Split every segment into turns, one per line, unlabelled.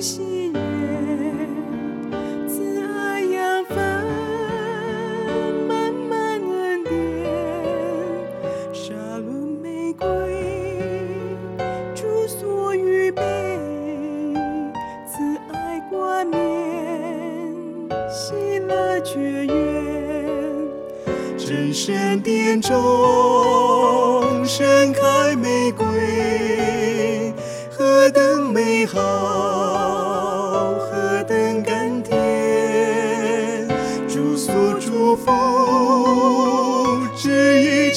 喜悅，
慈愛養分，滿滿恩
典，沙崙玫瑰，主所預備，慈愛冠冕，喜樂泉源，真神殿中，盛開玫瑰，何等美好！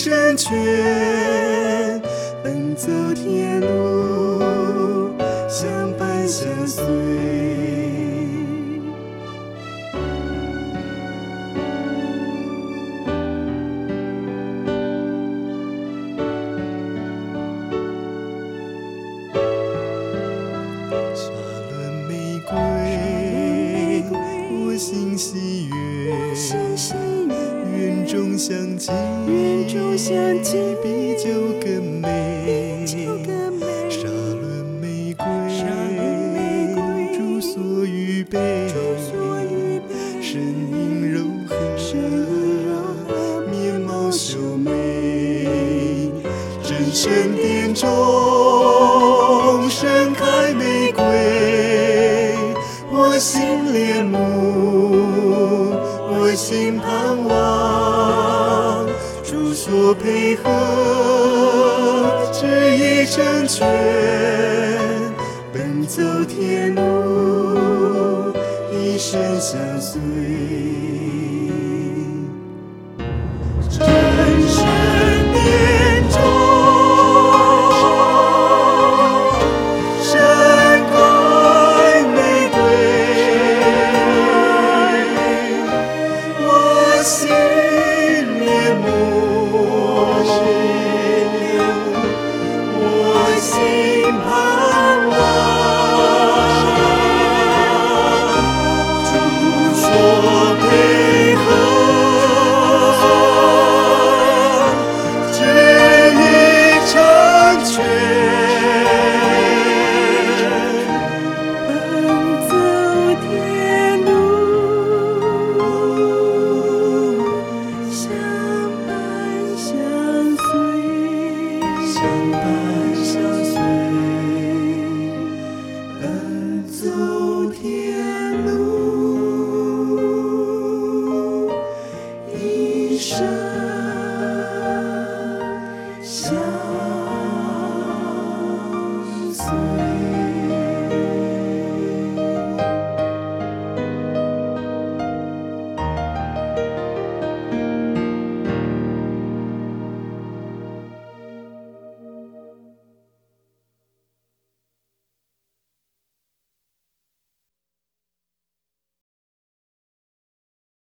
成全，奔走天路，相伴相隨。園中香氣比酒更美，比酒更美，沙崙玫瑰，主所預備，聲音柔和，面貌秀美，真神殿中盛開玫瑰，我心戀慕，我心盼望。主所配合，旨意成全，奔走天路，一生相隨。
是。